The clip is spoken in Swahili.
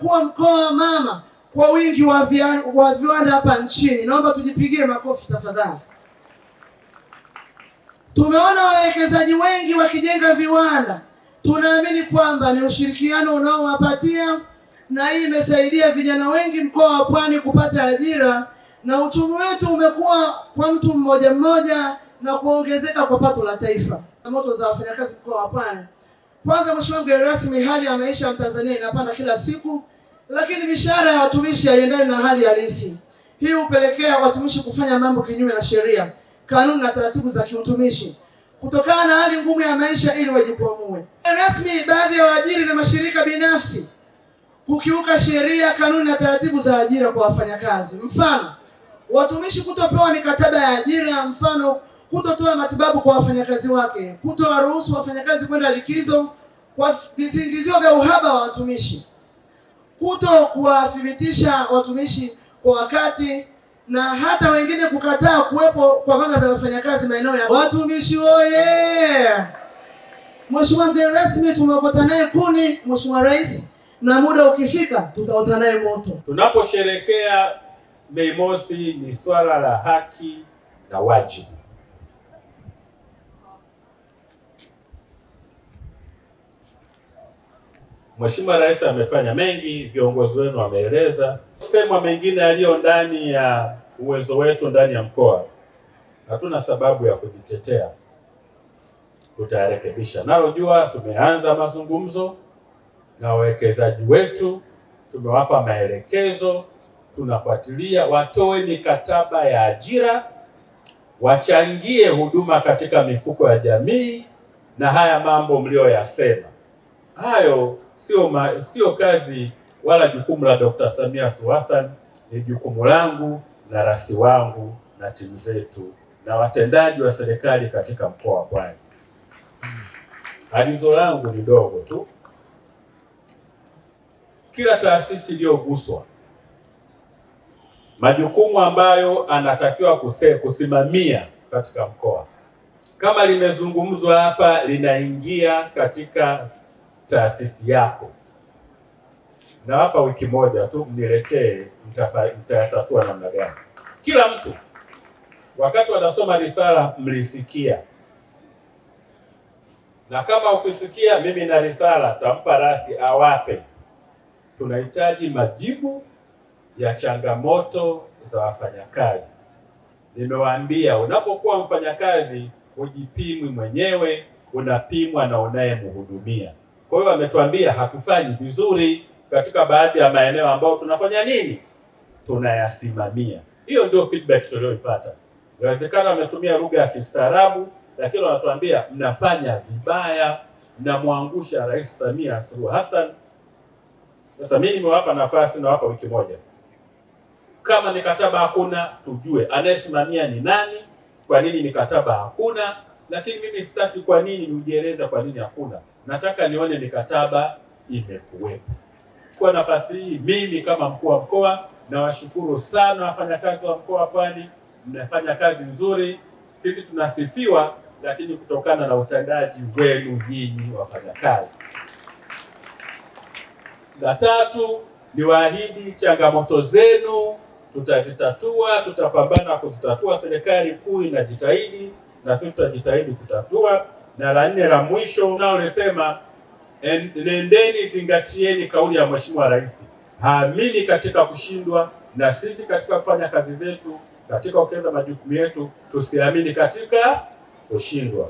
umekuwa mkoa wa mama kwa wingi wa viwanda hapa nchini. Naomba tujipigie makofi tafadhali. Tumeona wawekezaji wengi wakijenga viwanda, tunaamini kwamba ni ushirikiano unaowapatia na hii imesaidia vijana wengi mkoa wa Pwani kupata ajira na uchumi wetu umekuwa kwa mtu mmoja mmoja na kuongezeka kwa pato la taifa. Changamoto za wafanyakazi mkoa wa Pwani kwanza, mheshimiwa mgeni rasmi, hali ya maisha ya Mtanzania inapanda kila siku, lakini mishahara ya watumishi haiendani na hali halisi. Hii hupelekea watumishi kufanya mambo kinyume na sheria, kanuni na taratibu za kiutumishi kutokana na hali ngumu ya maisha ili wajikwamue. Rasmi baadhi ya waajiri na mashirika binafsi kukiuka sheria, kanuni na taratibu za ajira kwa wafanyakazi, mfano watumishi kutopewa mikataba ya ajira, mfano kutotoa matibabu kwa wafanyakazi wake, kutowaruhusu wafanyakazi kwenda likizo kwa visingizio vya uhaba wa watumishi, kuto kuwathibitisha watumishi kwa wakati na hata wengine kukataa kuwepo kwa vyama vya wafanyakazi maeneo ya watumishi. Oye! Mheshimiwa mgeni rasmi, tumeokota naye kuni, Mheshimiwa Rais, na muda ukifika tutaota naye moto. Tunaposherekea Mei Mosi ni swala la haki na wajibu. Mheshimiwa Rais amefanya mengi, viongozi wenu wameeleza sema mengine yaliyo ndani ya uwezo wetu ndani ya mkoa, hatuna sababu ya kujitetea, tutayarekebisha. Nalojua tumeanza mazungumzo na wawekezaji wetu, tumewapa maelekezo, tunafuatilia watoe mikataba ya ajira, wachangie huduma katika mifuko ya jamii na haya mambo mlioyasema hayo sio ma, sio kazi wala jukumu la Dr. Samia Suluhu Hassan, ni jukumu langu na rasi wangu na timu zetu na watendaji wa serikali katika mkoa wa Pwani. Agizo langu ni dogo tu, kila taasisi iliyoguswa majukumu ambayo anatakiwa kuse, kusimamia katika mkoa, kama limezungumzwa hapa, linaingia katika taasisi yako, na hapa wiki moja tu mniletee, mtayatatua namna gani? Kila mtu wakati wanasoma risala mlisikia, na kama ukisikia mimi na risala tampa rasi awape. Tunahitaji majibu ya changamoto za wafanyakazi. Nimewaambia, unapokuwa mfanyakazi hujipimwi mwenyewe, unapimwa na unayemhudumia. Kwa hiyo ametuambia hatufanyi vizuri katika baadhi ya maeneo ambayo tunafanya nini, tunayasimamia. Hiyo ndio feedback tuliyoipata. Inawezekana wametumia lugha ya kistaarabu, lakini wanatuambia mnafanya vibaya, mnamwangusha Rais Samia Suluhu Hassan. Sasa mimi nimewapa nafasi, nawapa wiki moja. Kama mikataba hakuna, tujue anayesimamia ni nani, kwa nini mikataba hakuna. Lakini mimi sitaki kwa nini, niujieleza kwa nini hakuna nataka nione mikataba imekuwepo. Kwa nafasi hii, mimi kama mkuu wa mkoa nawashukuru sana wafanyakazi wa mkoa wa Pwani, mnafanya kazi nzuri. Sisi tunasifiwa, lakini kutokana na utendaji wenu nyinyi wafanyakazi. La tatu, ni waahidi changamoto zenu tutazitatua, tutapambana kuzitatua. Serikali kuu inajitahidi na sisi tutajitahidi kutatua na la nne la mwisho nalosema, nendeni zingatieni kauli ya Mheshimiwa Rais, haamini katika kushindwa, na sisi katika kufanya kazi zetu, katika kutekeleza majukumu yetu, tusiamini katika kushindwa.